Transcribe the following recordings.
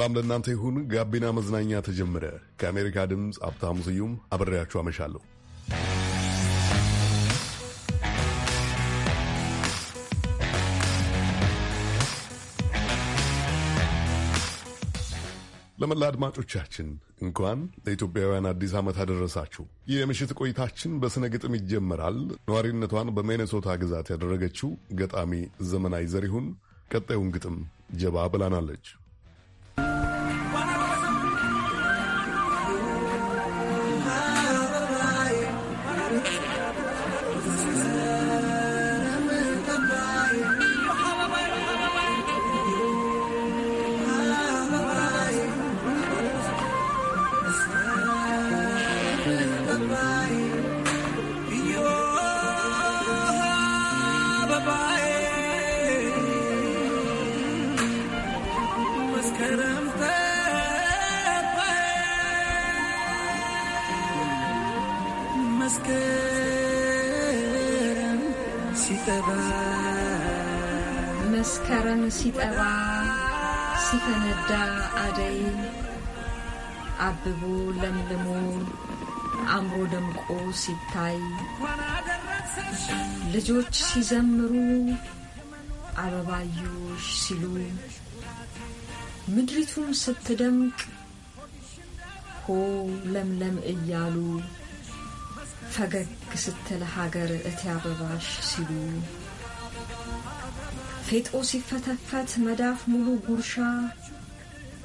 ሰላም ለእናንተ ይሁን። ጋቢና መዝናኛ ተጀመረ። ከአሜሪካ ድምፅ ሀብታሙ ስዩም አብሬያችሁ አመሻለሁ። ለመላ አድማጮቻችን እንኳን ለኢትዮጵያውያን አዲስ ዓመት አደረሳችሁ። የምሽት ቆይታችን በሥነ ግጥም ይጀመራል። ነዋሪነቷን በሜኔሶታ ግዛት ያደረገችው ገጣሚ ዘመናዊ ዘሪሁን ቀጣዩን ግጥም ጀባ ብላናለች። ሲጠባ ሲፈነዳ አደይ አብቦ ለምልሞ አምሮ ደምቆ ሲታይ ልጆች ሲዘምሩ አበባዮሽ ሲሉ ምድሪቱን ስትደምቅ ሆ ለምለም እያሉ ፈገግ ስትል ሀገር እቲ አበባሽ ሲሉ ፌጦ ሲፈተፈት መዳፍ ሙሉ ጉርሻ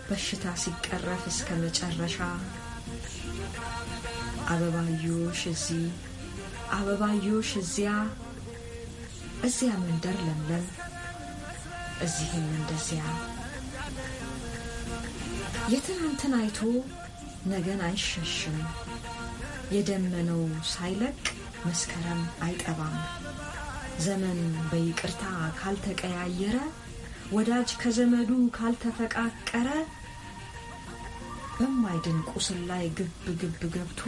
በሽታ ሲቀረፍ እስከ መጨረሻ አበባዮሽ እዚህ አበባዮሽ እዚያ እዚያ መንደር ለምለም እዚህም እንደዚያ የትናንትን አይቶ ነገን አይሸሽም የደመነው ሳይለቅ መስከረም አይጠባም። ዘመን በይቅርታ ካልተቀያየረ፣ ወዳጅ ከዘመዱ ካልተፈቃቀረ፣ በማይድን ቁስል ላይ ግብ ግብ ገብቶ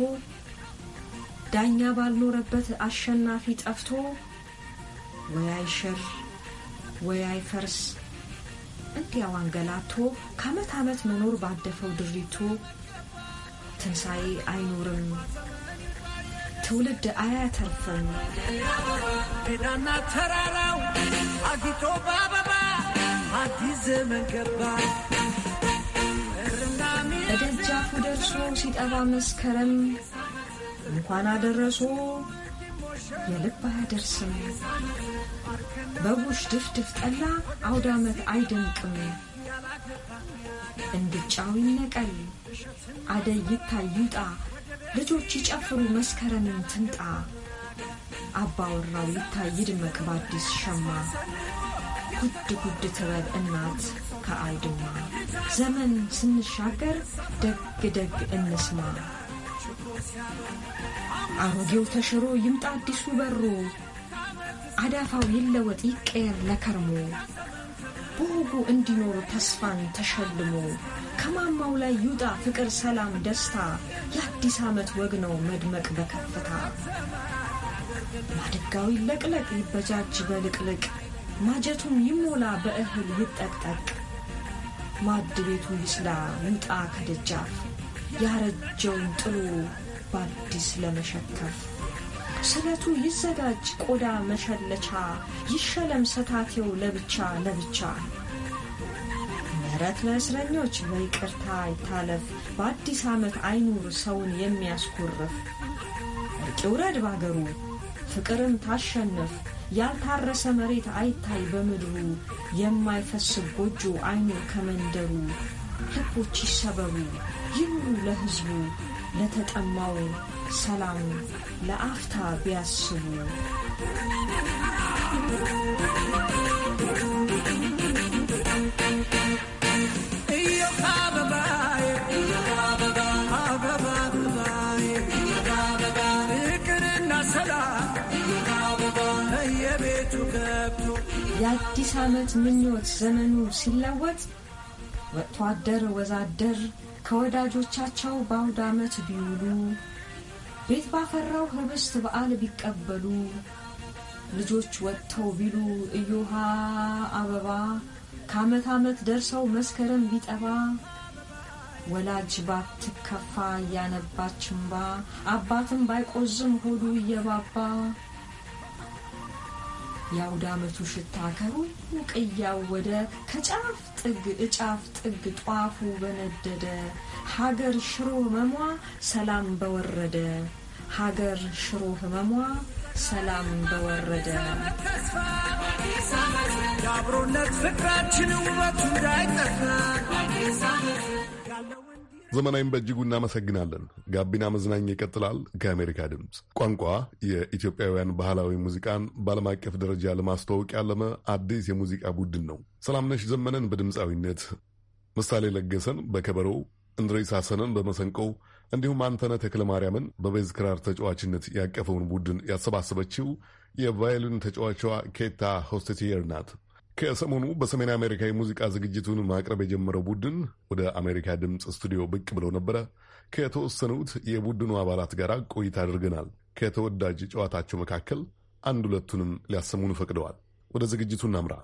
ዳኛ ባልኖረበት አሸናፊ ጠፍቶ ወያይ ሽር ወያይ ፈርስ እንዲያው አንገላቶ ከዓመት ዓመት መኖር ባደፈው ድሪቶ ትንሣኤ አይኖርም ትውልድ አያተርፍም። ሜዳና ተራራው አጊጦ በአበባ አዲስ ዘመን ገባ። በደጃፉ ደርሶ ሲጠባ መስከረም እንኳን አደረሶ የልብ አያደርስም። በቡሽ ድፍድፍ ጠላ አውደ ዓመት አይደምቅም። እንድጫው ይነቀል አደይ ይታይ ይውጣ ልጆች ይጨፍሩ መስከረምን ትንጣ አባወራው ይታይ ይድመቅ በአዲስ ሸማ ጉድ ጉድ ትበል እናት ከአይድማ ዘመን ስንሻገር ደግ ደግ እንስማ አሮጌው ተሽሮ ይምጣ አዲሱ በሮ አዳፋው ይለወጥ ይቀየር ለከርሞ በወጉ እንዲኖር ተስፋን ተሸልሞ ከማማው ላይ ይውጣ ፍቅር፣ ሰላም፣ ደስታ ያ የአዲስ ዓመት ወግ ነው መድመቅ በከፍታ ማድጋው ይለቅለቅ ይበጃጅ በልቅልቅ ማጀቱም ይሞላ በእህል ይጠቅጠቅ ማድ ቤቱ ይስላ ይውጣ ከደጃፍ ያረጀውን ጥሎ በአዲስ ለመሸከፍ ስለቱ ይዘጋጅ ቆዳ መሸለቻ ይሸለም ሰታቴው ለብቻ ለብቻ ምህረት ለእስረኞች በይቅርታ ይታለፍ፣ በአዲስ ዓመት አይኑር ሰውን የሚያስኮርፍ። እርቅ ውረድ ባገሩ ፍቅርም ታሸንፍ ያልታረሰ መሬት አይታይ በምድሩ፣ የማይፈስብ ጎጆ አይኑር ከመንደሩ። ልቦች ይሰበሩ ይኑሩ ለሕዝቡ፣ ለተጠማው ሰላም ለአፍታ ቢያስቡ የአዲስ ዓመት ምኞት ዘመኑ ሲለወጥ ወጥቶ አደር ወዛደር ከወዳጆቻቸው በአውደ ዓመት ቢውሉ ቤት ባፈራው ህብስት በዓል ቢቀበሉ ልጆች ወጥተው ቢሉ እዮሃ አበባ ከዓመት ዓመት ደርሰው መስከረም ቢጠባ ወላጅ ባትከፋ እያነባች እምባ አባትም ባይቆዝም ሆዱ እየባባ የአውደ አመቱ ሽታ ከሩቅ ወደ ከጫፍ ጥግ እጫፍ ጥግ ጧፉ በነደደ ሀገር ሽሮ ህመሟ ሰላም በወረደ ሀገር ሽሮ ህመሟ ሰላም በወረደ የአብሮነት ፍቅራችን ውበቱ እንዳይጠፋ ዘመናዊም በእጅጉ እናመሰግናለን። ጋቢና መዝናኛ ይቀጥላል። ከአሜሪካ ድምፅ ቋንቋ የኢትዮጵያውያን ባህላዊ ሙዚቃን በዓለም አቀፍ ደረጃ ለማስተዋወቅ ያለመ አዲስ የሙዚቃ ቡድን ነው። ሰላምነሽ ዘመነን በድምፃዊነት፣ ምሳሌ ለገሰን በከበሮ፣ እንድሬስ ሐሰንን እንዲሁም አንተነ ተክለ ማርያምን በቤዝ ክራር ተጫዋችነት ያቀፈውን ቡድን ያሰባሰበችው የቫዮሊን ተጫዋቿ ኬታ ሆስቴቲየር ናት። ከሰሞኑ በሰሜን አሜሪካ የሙዚቃ ዝግጅቱን ማቅረብ የጀመረው ቡድን ወደ አሜሪካ ድምፅ ስቱዲዮ ብቅ ብለው ነበረ። ከተወሰኑት የቡድኑ አባላት ጋር ቆይታ አድርገናል። ከተወዳጅ ጨዋታቸው መካከል አንድ ሁለቱንም ሊያሰሙን ፈቅደዋል። ወደ ዝግጅቱ እናምራ።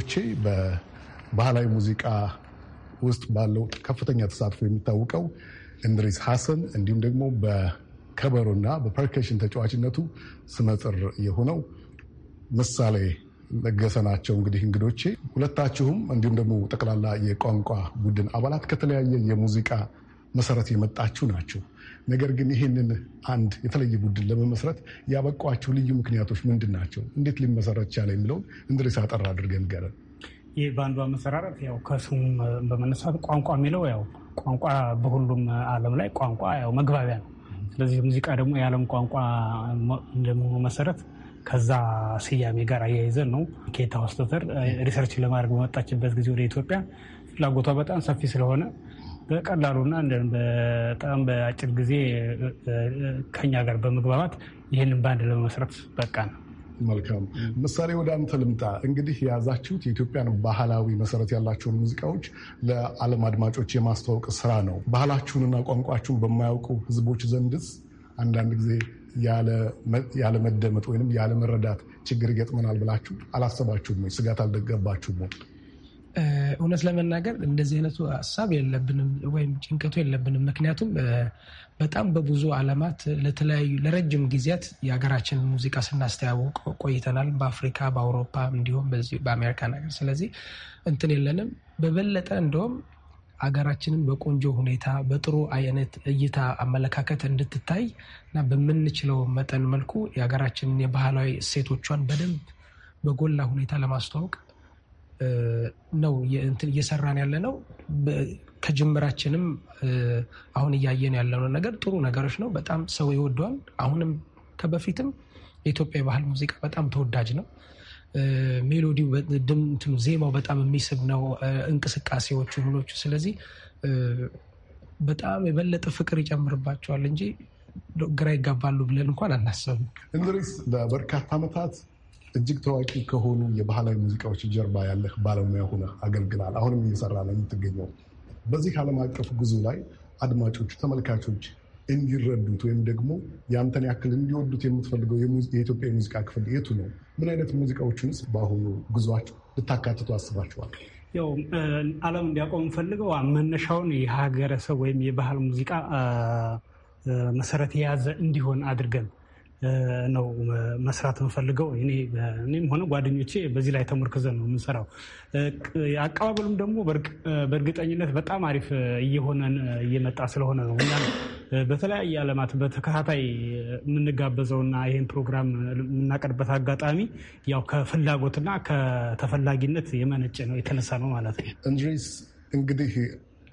ልጆቼ በባህላዊ ሙዚቃ ውስጥ ባለው ከፍተኛ ተሳትፎ የሚታወቀው እንድሪስ ሐሰን እንዲሁም ደግሞ በከበሮና በፐርከሽን ተጫዋችነቱ ስመጥር የሆነው ምሳሌ ለገሰ ናቸው። እንግዲህ እንግዶቼ ሁለታችሁም እንዲሁም ደግሞ ጠቅላላ የቋንቋ ቡድን አባላት ከተለያየ የሙዚቃ መሰረት የመጣችሁ ናችሁ። ነገር ግን ይህንን አንድ የተለየ ቡድን ለመመስረት ያበቋቸው ልዩ ምክንያቶች ምንድን ናቸው? እንዴት ሊመሰረት ቻለ የሚለውን እንድሪስ አጠር አድርገን ንገረን። ይህ ባንዷ መሰራረት ያው ከስሙ በመነሳት ቋንቋ የሚለው ያው ቋንቋ በሁሉም ዓለም ላይ ቋንቋ ያው መግባቢያ ነው። ስለዚህ ሙዚቃ ደግሞ የዓለም ቋንቋ እንደመሆኑ መሰረት ከዛ ስያሜ ጋር አያይዘን ነው ኬታ ሆስተተር ሪሰርች ለማድረግ በመጣችበት ጊዜ ወደ ኢትዮጵያ ፍላጎቷ በጣም ሰፊ ስለሆነ በቀላሉና በጣም በአጭር ጊዜ ከኛ ጋር በመግባባት ይህንን ባንድ ለመመስረት በቃ ነው። መልካም ምሳሌ፣ ወደ አንተ ልምጣ። እንግዲህ የያዛችሁት የኢትዮጵያን ባህላዊ መሰረት ያላቸውን ሙዚቃዎች ለዓለም አድማጮች የማስተዋወቅ ስራ ነው። ባህላችሁንና ቋንቋችሁን በማያውቁ ህዝቦች ዘንድስ አንዳንድ ጊዜ ያለመደመጥ ወይም ያለመረዳት ችግር ይገጥመናል ብላችሁ አላሰባችሁም ወይ? ስጋት አልደገባችሁም? እውነት ለመናገር እንደዚህ አይነቱ ሀሳብ የለብንም ወይም ጭንቀቱ የለብንም። ምክንያቱም በጣም በብዙ ዓለማት ለተለያዩ ለረጅም ጊዜያት የሀገራችንን ሙዚቃ ስናስተያውቅ ቆይተናል። በአፍሪካ፣ በአውሮፓ እንዲሁም በአሜሪካ ነገር። ስለዚህ እንትን የለንም። በበለጠ እንደውም ሀገራችንን በቆንጆ ሁኔታ በጥሩ አይነት እይታ አመለካከት እንድትታይ እና በምንችለው መጠን መልኩ የሀገራችንን የባህላዊ እሴቶቿን በደንብ በጎላ ሁኔታ ለማስተዋወቅ ነው እየሰራን ያለ ነው። ከጅምራችንም አሁን እያየን ያለነው ነገር ጥሩ ነገሮች ነው። በጣም ሰው ይወደዋል። አሁንም ከበፊትም የኢትዮጵያ የባህል ሙዚቃ በጣም ተወዳጅ ነው። ሜሎዲው ድምቱ፣ ዜማው በጣም የሚስብ ነው። እንቅስቃሴዎቹ ምኖቹ፣ ስለዚህ በጣም የበለጠ ፍቅር ይጨምርባቸዋል እንጂ ግራ ይጋባሉ ብለን እንኳን አናሰብም። እንድሪስ ለበርካታ ዓመታት እጅግ ታዋቂ ከሆኑ የባህላዊ ሙዚቃዎች ጀርባ ያለህ ባለሙያ ሆነ አገልግላል። አሁንም እየሰራ ነው የምትገኘው። በዚህ ዓለም አቀፍ ጉዞ ላይ አድማጮች፣ ተመልካቾች እንዲረዱት ወይም ደግሞ የአንተን ያክል እንዲወዱት የምትፈልገው የኢትዮጵያ የሙዚቃ ክፍል የቱ ነው? ምን አይነት ሙዚቃዎችንስ በአሁኑ ጉዟችሁ ልታካትቱ አስባችኋል? ያው ዓለም እንዲያውቀው የምፈልገው መነሻውን የሀገረሰብ ወይም የባህል ሙዚቃ መሰረት የያዘ እንዲሆን አድርገን ነው መስራት የምፈልገው። እኔም ሆነ ጓደኞቼ በዚህ ላይ ተሞርክዘን ነው የምንሰራው። አቀባበሉም ደግሞ በእርግጠኝነት በጣም አሪፍ እየሆነን እየመጣ ስለሆነ ነው እኛ በተለያየ ዓለማት በተከታታይ እና ይህን ፕሮግራም የምናቀርበት አጋጣሚ ያው ከፍላጎትና ከተፈላጊነት የመነጨ ነው የተነሳ ነው ማለት ነው። እንድሪስ እንግዲህ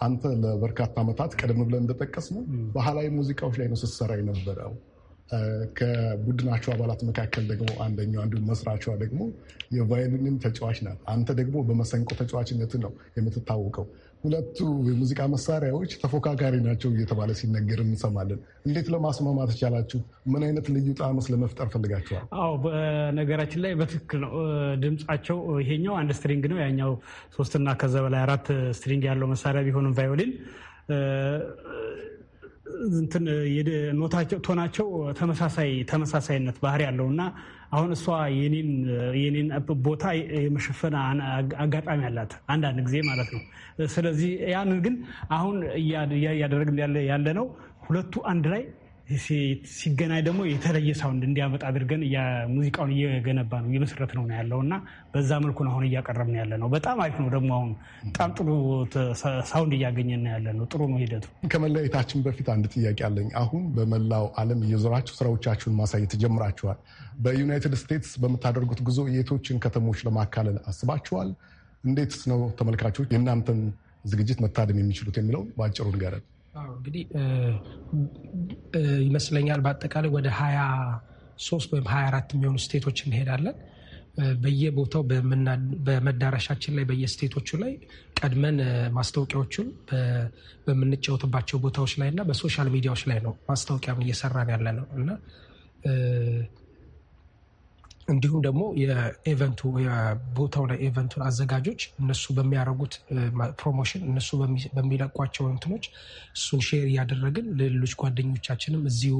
አንተ ለበርካታ ዓመታት ቀደም ብለን እንደጠቀስ ነው ባህላዊ ሙዚቃዎች ላይ ነው ስትሰራ የነበረው ከቡድናቸው አባላት መካከል ደግሞ አንደኛው አንዱ መስራቿ ደግሞ የቫዮሊንን ተጫዋች ናት። አንተ ደግሞ በመሰንቆ ተጫዋችነት ነው የምትታወቀው። ሁለቱ የሙዚቃ መሳሪያዎች ተፎካካሪ ናቸው እየተባለ ሲነገር እንሰማለን። እንዴት ለማስማማት ቻላችሁ? ምን አይነት ልዩ ጣዕምስ ለመፍጠር ፈልጋችኋል? አዎ፣ በነገራችን ላይ በትክክል ነው ድምፃቸው። ይሄኛው አንድ ስትሪንግ ነው፣ ያኛው ሶስትና ከዛ በላይ አራት ስትሪንግ ያለው መሳሪያ ቢሆንም ቫዮሊን ቶናቸው ተመሳሳይ ተመሳሳይነት ባህሪ ያለው እና አሁን እሷ የኔን ቦታ የመሸፈን አጋጣሚ አላት አንዳንድ ጊዜ ማለት ነው። ስለዚህ ያንን ግን አሁን እያደረግን ያለ ነው ሁለቱ አንድ ላይ ሲገናኝ ደግሞ የተለየ ሳውንድ እንዲያመጣ አድርገን ሙዚቃውን እየገነባ ነው እየመሰረት ነው ያለው እና በዛ መልኩ አሁን እያቀረብ ነው ያለ ነው። በጣም አሪፍ ነው። ደግሞ አሁን በጣም ጥሩ ሳውንድ እያገኘን ያለ ነው። ጥሩ ነው ሂደቱ። ከመለያየታችን በፊት አንድ ጥያቄ አለኝ። አሁን በመላው ዓለም እየዞራችሁ ስራዎቻችሁን ማሳየት ጀምራችኋል። በዩናይትድ ስቴትስ በምታደርጉት ጉዞ የቶችን ከተሞች ለማካለል አስባችኋል? እንዴትስ ነው ተመልካቾች የእናንተን ዝግጅት መታደም የሚችሉት የሚለው በአጭሩ ንገረን። እንግዲህ ይመስለኛል በአጠቃላይ ወደ ሀያ ሶስት ወይም ሀያ አራት የሚሆኑ ስቴቶች እንሄዳለን። በየቦታው በመዳረሻችን ላይ በየስቴቶቹ ላይ ቀድመን ማስታወቂያዎቹን በምንጫወትባቸው ቦታዎች ላይ እና በሶሻል ሚዲያዎች ላይ ነው ማስታወቂያ እየሰራን ያለ ነው እና እንዲሁም ደግሞ የኤቨንቱ የቦታው ላይ ኤቨንቱን አዘጋጆች እነሱ በሚያደርጉት ፕሮሞሽን እነሱ በሚለቋቸው እንትኖች እሱን ሼር እያደረግን ለሌሎች ጓደኞቻችንም እዚሁ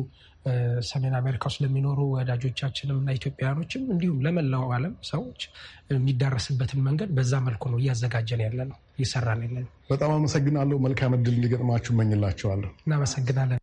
ሰሜን አሜሪካ ውስጥ ለሚኖሩ ወዳጆቻችንም እና ኢትዮጵያውያኖችም እንዲሁም ለመላው ዓለም ሰዎች የሚዳረስበትን መንገድ በዛ መልኩ ነው እያዘጋጀን ያለ ነው እየሰራን ያለ ነው። በጣም አመሰግናለሁ። መልካም እድል እንዲገጥማችሁ እመኝላችኋለሁ። እናመሰግናለን።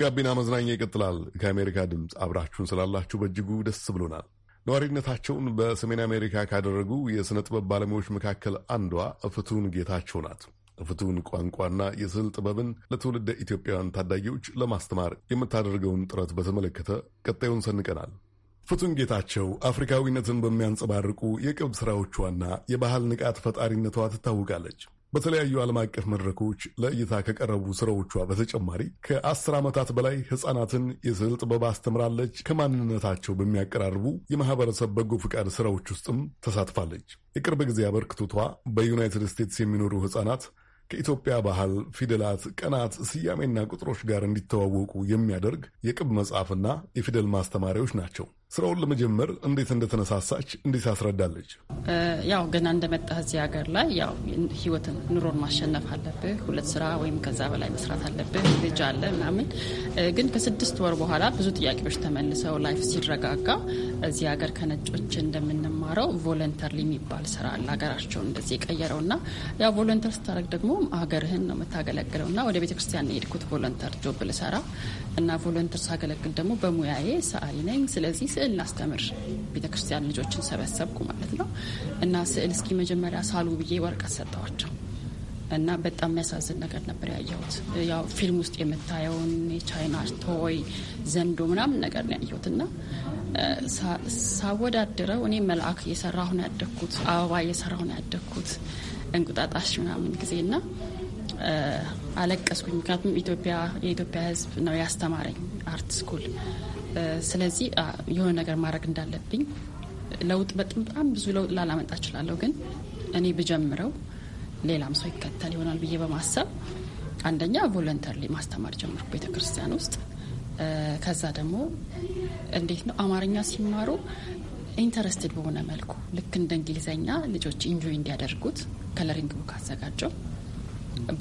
ጋቢና መዝናኛ ይቀጥላል። ከአሜሪካ ድምፅ አብራችሁን ስላላችሁ በእጅጉ ደስ ብሎናል። ነዋሪነታቸውን በሰሜን አሜሪካ ካደረጉ የሥነ ጥበብ ባለሙያዎች መካከል አንዷ እፍቱን ጌታቸው ናት። እፍቱን ቋንቋና የስዕል ጥበብን ለትውልደ ኢትዮጵያውያን ታዳጊዎች ለማስተማር የምታደርገውን ጥረት በተመለከተ ቀጣዩን ሰንቀናል። ፍቱን ጌታቸው አፍሪካዊነትን በሚያንጸባርቁ የቅብ ሥራዎቿና የባህል ንቃት ፈጣሪነቷ ትታወቃለች። በተለያዩ ዓለም አቀፍ መድረኮች ለእይታ ከቀረቡ ስራዎቿ በተጨማሪ ከአስር ዓመታት በላይ ሕፃናትን የስዕል ጥበብ አስተምራለች። ከማንነታቸው በሚያቀራርቡ የማህበረሰብ በጎ ፍቃድ ስራዎች ውስጥም ተሳትፋለች። የቅርብ ጊዜ አበርክቶቷ በዩናይትድ ስቴትስ የሚኖሩ ሕፃናት ከኢትዮጵያ ባህል፣ ፊደላት፣ ቀናት፣ ስያሜና ቁጥሮች ጋር እንዲተዋወቁ የሚያደርግ የቅብ መጽሐፍና የፊደል ማስተማሪያዎች ናቸው። ስራውን ለመጀመር እንዴት እንደተነሳሳች እንዴት ታስረዳለች ያው ገና እንደመጣህ እዚህ ሀገር ላይ ያው ህይወትን ኑሮን ማሸነፍ አለብህ። ሁለት ስራ ወይም ከዛ በላይ መስራት አለብህ። ልጅ አለ ምናምን። ግን ከስድስት ወር በኋላ ብዙ ጥያቄዎች ተመልሰው ላይፍ ሲረጋጋ እዚህ ሀገር ከነጮች እንደምንማረው ቮለንተርሊ የሚባል ስራ አለ ሀገራቸውን እንደዚህ የቀየረው ና ያው ቮለንተር ስታደርግ ደግሞ ሀገርህን ነው የምታገለግለው ና ወደ ቤተክርስቲያን የሄድኩት ቮለንተር ጆብ ልሰራ እና ቮለንተር ሳገለግል ደግሞ በሙያዬ ሰዓሊ ነኝ ስለዚህ ስዕል ላስተምር ቤተክርስቲያን ልጆችን ሰበሰብኩ ማለት ነው። እና ስዕል እስኪ መጀመሪያ ሳሉ ብዬ ወረቀት ሰጠዋቸው እና በጣም የሚያሳዝን ነገር ነበር ያየሁት። ያው ፊልም ውስጥ የምታየውን የቻይና ቶይ ዘንዶ ምናምን ነገር ነው ያየሁት እና ሳወዳድረው እኔ መልአክ እየሰራሁ ነው ያደግኩት፣ አበባ እየሰራሁ ነው ያደግኩት እንቁጣጣሽ ምናምን ጊዜ እና አለቀስኩኝ። ምክንያቱም ኢትዮጵያ የኢትዮጵያ ሕዝብ ነው ያስተማረኝ አርት ስኩል ስለዚህ የሆነ ነገር ማድረግ እንዳለብኝ ለውጥ በጣም ብዙ ለውጥ ላላመጣ እችላለሁ፣ ግን እኔ ብጀምረው ሌላም ሰው ይከተል ይሆናል ብዬ በማሰብ አንደኛ ቮለንተሪ ማስተማር ጀምርኩ ቤተ ክርስቲያን ውስጥ። ከዛ ደግሞ እንዴት ነው አማርኛ ሲማሩ ኢንተረስትድ በሆነ መልኩ ልክ እንደ እንግሊዘኛ ልጆች ኢንጆይ እንዲያደርጉት ከለሪንግ ቡክ አዘጋጀው።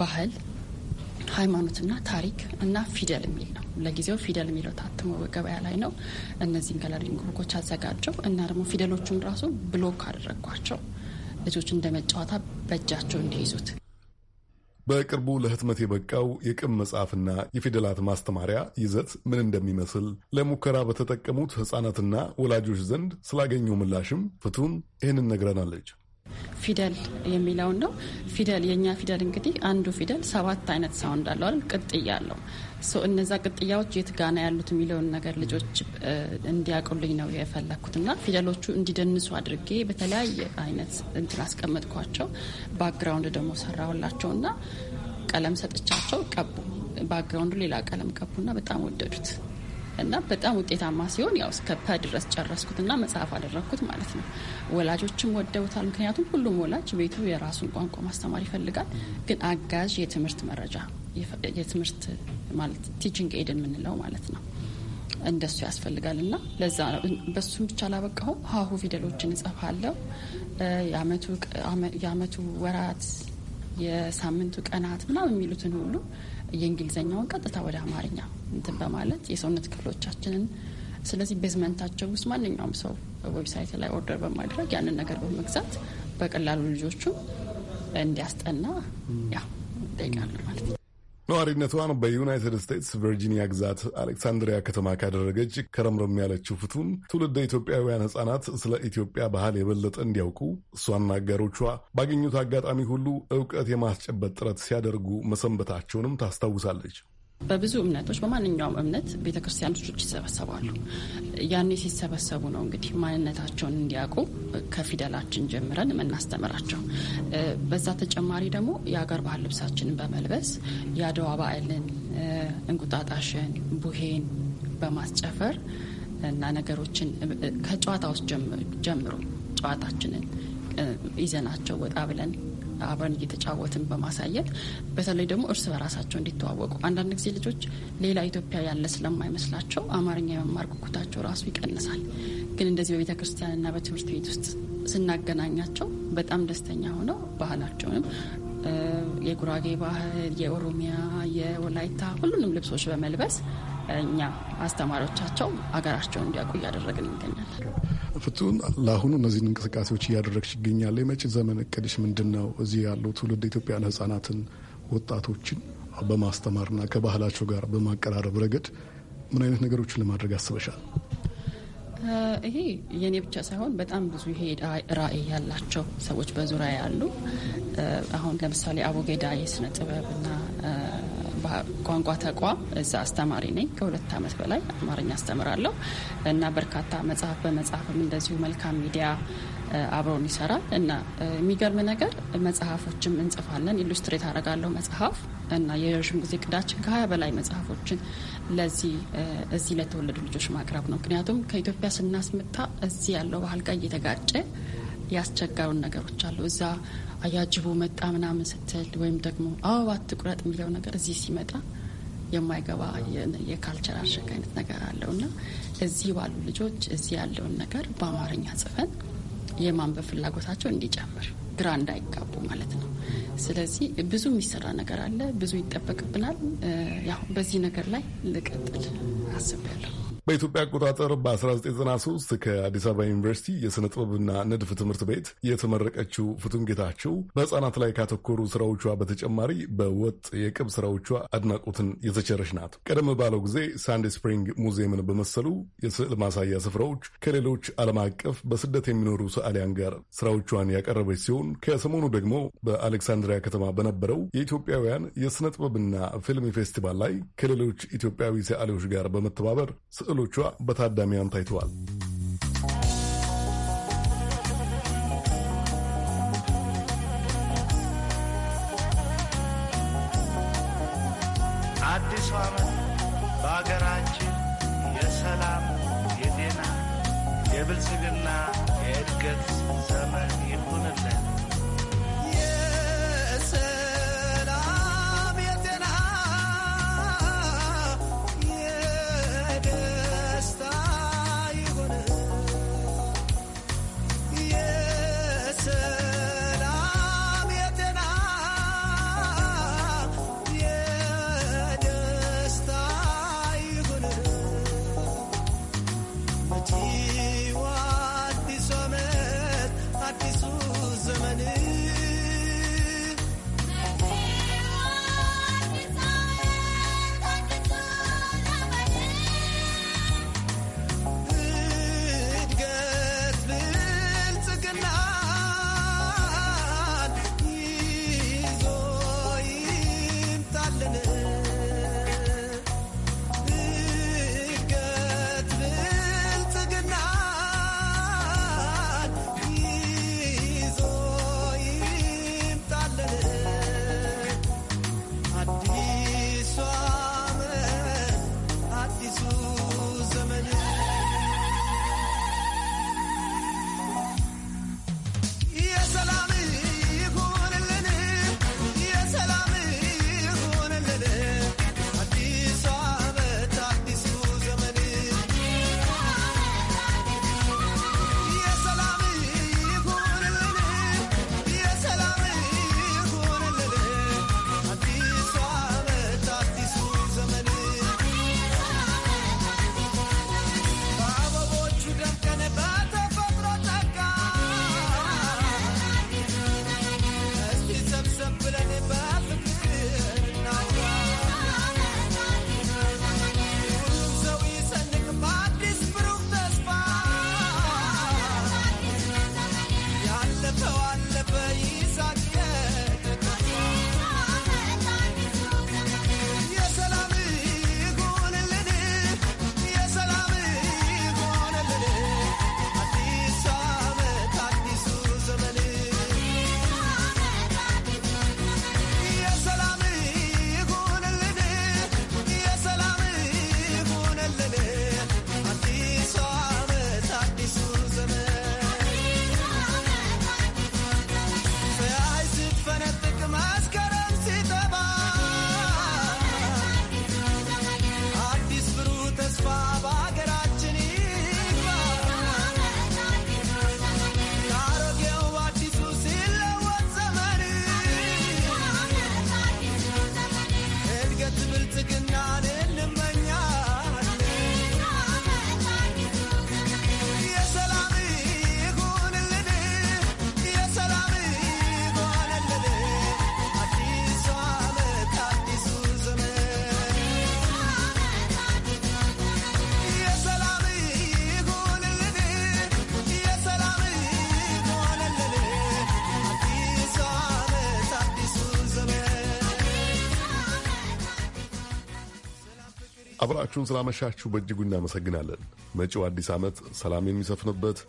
ባህል ሃይማኖትና ታሪክ እና ፊደል የሚል ነው። ለጊዜው ፊደል የሚለው ታትሞ ገበያ ላይ ነው። እነዚህን ከለሪንግ ቡኮች አዘጋጀው እና ደግሞ ፊደሎቹን ራሱ ብሎክ አደረግኳቸው ልጆች እንደ መጫወታ በእጃቸው እንዲይዙት። በቅርቡ ለህትመት የበቃው የቅም መጽሐፍና የፊደላት ማስተማሪያ ይዘት ምን እንደሚመስል ለሙከራ በተጠቀሙት ህጻናትና ወላጆች ዘንድ ስላገኘው ምላሽም ፍቱን ይህንን ነግረናለች። ፊደል የሚለውን ነው። ፊደል የእኛ ፊደል እንግዲህ አንዱ ፊደል ሰባት አይነት ሳውንድ አለው አይደል? ቅጥያ አለው። እነዛ ቅጥያዎች የት ጋና ያሉት የሚለውን ነገር ልጆች እንዲያውቁልኝ ነው የፈለግኩት እና ፊደሎቹ እንዲደንሱ አድርጌ በተለያየ አይነት እንትን አስቀመጥኳቸው። ባክግራውንድ ደግሞ ሰራሁላቸው እና ቀለም ሰጥቻቸው ቀቡ። ባክግራውንዱ ሌላ ቀለም ቀቡና በጣም ወደዱት። እና በጣም ውጤታማ ሲሆን ያው እስከ ፐ ድረስ እና መጽሐፍ አደረግኩት ማለት ነው። ወላጆችም ወደውታል። ምክንያቱም ሁሉም ወላጅ ቤቱ የራሱን ቋንቋ ማስተማር ይፈልጋል። ግን አጋዥ የትምህርት መረጃ የትምህርት ማለት ቲችንግ ኤድ የምንለው ማለት ነው እንደሱ ያስፈልጋል እና ለዛ ነው። በሱም ብቻ አላበቃሁም። ሀሁ ፊደሎችን እጽፋለሁ። የአመቱ ወራት፣ የሳምንቱ ቀናት ምናምን የሚሉትን ሁሉ የእንግሊዝኛውን ቀጥታ ወደ አማርኛ እንትን በማለት የሰውነት ክፍሎቻችንን ስለዚህ ቤዝመንታቸው ውስጥ ማንኛውም ሰው ዌብሳይት ላይ ኦርደር በማድረግ ያንን ነገር በመግዛት በቀላሉ ልጆቹ እንዲያስጠና ያ ማለት ነው። ነዋሪነቷን በዩናይትድ ስቴትስ ቨርጂኒያ ግዛት አሌክሳንድሪያ ከተማ ካደረገች ከረምረም ያለችው ፍቱን ትውልደ ኢትዮጵያውያን ሕጻናት ስለ ኢትዮጵያ ባህል የበለጠ እንዲያውቁ እሷና አጋሮቿ ባገኙት አጋጣሚ ሁሉ እውቀት የማስጨበጥ ጥረት ሲያደርጉ መሰንበታቸውንም ታስታውሳለች። በብዙ እምነቶች በማንኛውም እምነት ቤተ ክርስቲያን ልጆች ይሰበሰባሉ። ያኔ ሲሰበሰቡ ነው እንግዲህ ማንነታቸውን እንዲያውቁ ከፊደላችን ጀምረን የምናስተምራቸው። በዛ ተጨማሪ ደግሞ የአገር ባህል ልብሳችንን በመልበስ የአድዋ በዓልን፣ እንቁጣጣሽን፣ ቡሄን በማስጨፈር እና ነገሮችን ከጨዋታ ውስጥ ጀምሮ ጨዋታችንን ይዘናቸው ወጣ ብለን አብረን እየተጫወትን በማሳየት በተለይ ደግሞ እርስ በራሳቸው እንዲተዋወቁ አንዳንድ ጊዜ ልጆች ሌላ ኢትዮጵያ ያለ ስለማይመስላቸው አማርኛ የመማር ጉጉታቸው ራሱ ይቀንሳል። ግን እንደዚህ በቤተ ክርስቲያንና በትምህርት ቤት ውስጥ ስናገናኛቸው በጣም ደስተኛ ሆነው ባህላቸውንም የጉራጌ ባህል፣ የኦሮሚያ፣ የወላይታ ሁሉንም ልብሶች በመልበስ እኛ አስተማሪዎቻቸው አገራቸውን እንዲያውቁ እያደረግን ይገኛል። ፍቱን፣ ለአሁኑ እነዚህን እንቅስቃሴዎች እያደረግሽ ይገኛል። የመጪ ዘመን እቅድሽ ምንድን ነው? እዚህ ያሉ ትውልድ ኢትዮጵያን ህጻናትን፣ ወጣቶችን በማስተማርና ከባህላቸው ጋር በማቀራረብ ረገድ ምን አይነት ነገሮችን ለማድረግ አስበሻል? ይሄ የኔ ብቻ ሳይሆን በጣም ብዙ ይሄ ራዕይ ያላቸው ሰዎች በዙሪያ ያሉ አሁን ለምሳሌ አቡጌዳ የስነ ጥበብና ቋንቋ ተቋም እዛ አስተማሪ ነኝ። ከሁለት ዓመት በላይ አማርኛ አስተምራለሁ እና በርካታ መጽሐፍ በመጽሐፍም እንደዚሁ መልካም ሚዲያ አብሮን ይሰራል እና የሚገርም ነገር መጽሐፎችም እንጽፋለን። ኢሉስትሬት አደርጋለሁ መጽሐፍ እና የረዥም ጊዜ ቅዳችን ከሀያ በላይ መጽሐፎችን ለዚህ እዚህ ለተወለዱ ልጆች ማቅረብ ነው። ምክንያቱም ከኢትዮጵያ ስናስመጣ እዚህ ያለው ባህል ጋር እየተጋጨ ያስቸገሩን ነገሮች አሉ። እዛ አያጅቡ መጣ ምናምን ስትል ወይም ደግሞ አበባ አትቁረጥ የሚለው ነገር እዚህ ሲመጣ የማይገባ የካልቸር አሸግ አይነት ነገር አለው እና እዚህ ባሉ ልጆች እዚህ ያለውን ነገር በአማርኛ ጽፈን የማንበብ ፍላጎታቸው እንዲጨምር ግራ እንዳይጋቡ ማለት ነው። ስለዚህ ብዙ የሚሰራ ነገር አለ፣ ብዙ ይጠበቅብናል። ያው በዚህ ነገር ላይ ልቀጥል አስቤያለሁ። በኢትዮጵያ አቆጣጠር በ1993 ከአዲስ አበባ ዩኒቨርሲቲ የሥነ ጥበብና ንድፍ ትምህርት ቤት የተመረቀችው ፍቱን ጌታቸው በሕፃናት ላይ ካተኮሩ ስራዎቿ በተጨማሪ በወጥ የቅብ ስራዎቿ አድናቆትን የተቸረች ናት። ቀደም ባለው ጊዜ ሳንዴ ስፕሪንግ ሙዚየምን በመሰሉ የስዕል ማሳያ ስፍራዎች ከሌሎች ዓለም አቀፍ በስደት የሚኖሩ ሰዓሊያን ጋር ስራዎቿን ያቀረበች ሲሆን ከሰሞኑ ደግሞ በአሌክሳንድሪያ ከተማ በነበረው የኢትዮጵያውያን የሥነ ጥበብና ፊልም ፌስቲቫል ላይ ከሌሎች ኢትዮጵያዊ ሰዓሊዎች ጋር በመተባበር ክፍሎቿ በታዳሚያን ታይተዋል። አዲሱ ዓመት በሀገራችን የሰላም፣ የጤና፣ የብልጽግና፣ የእድገት ዘመን አብራችሁን ስላመሻችሁ በእጅጉ እናመሰግናለን። መጪው አዲስ ዓመት ሰላም የሚሰፍንበት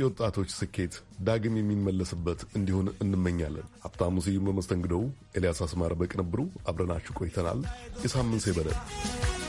የወጣቶች ስኬት ዳግም የሚመለስበት እንዲሆን እንመኛለን። ሀብታሙ ስዩም በመስተንግዶው፣ ኤልያስ አስማረ በቅንብሩ አብረናችሁ ቆይተናል። የሳምንት ይበለን።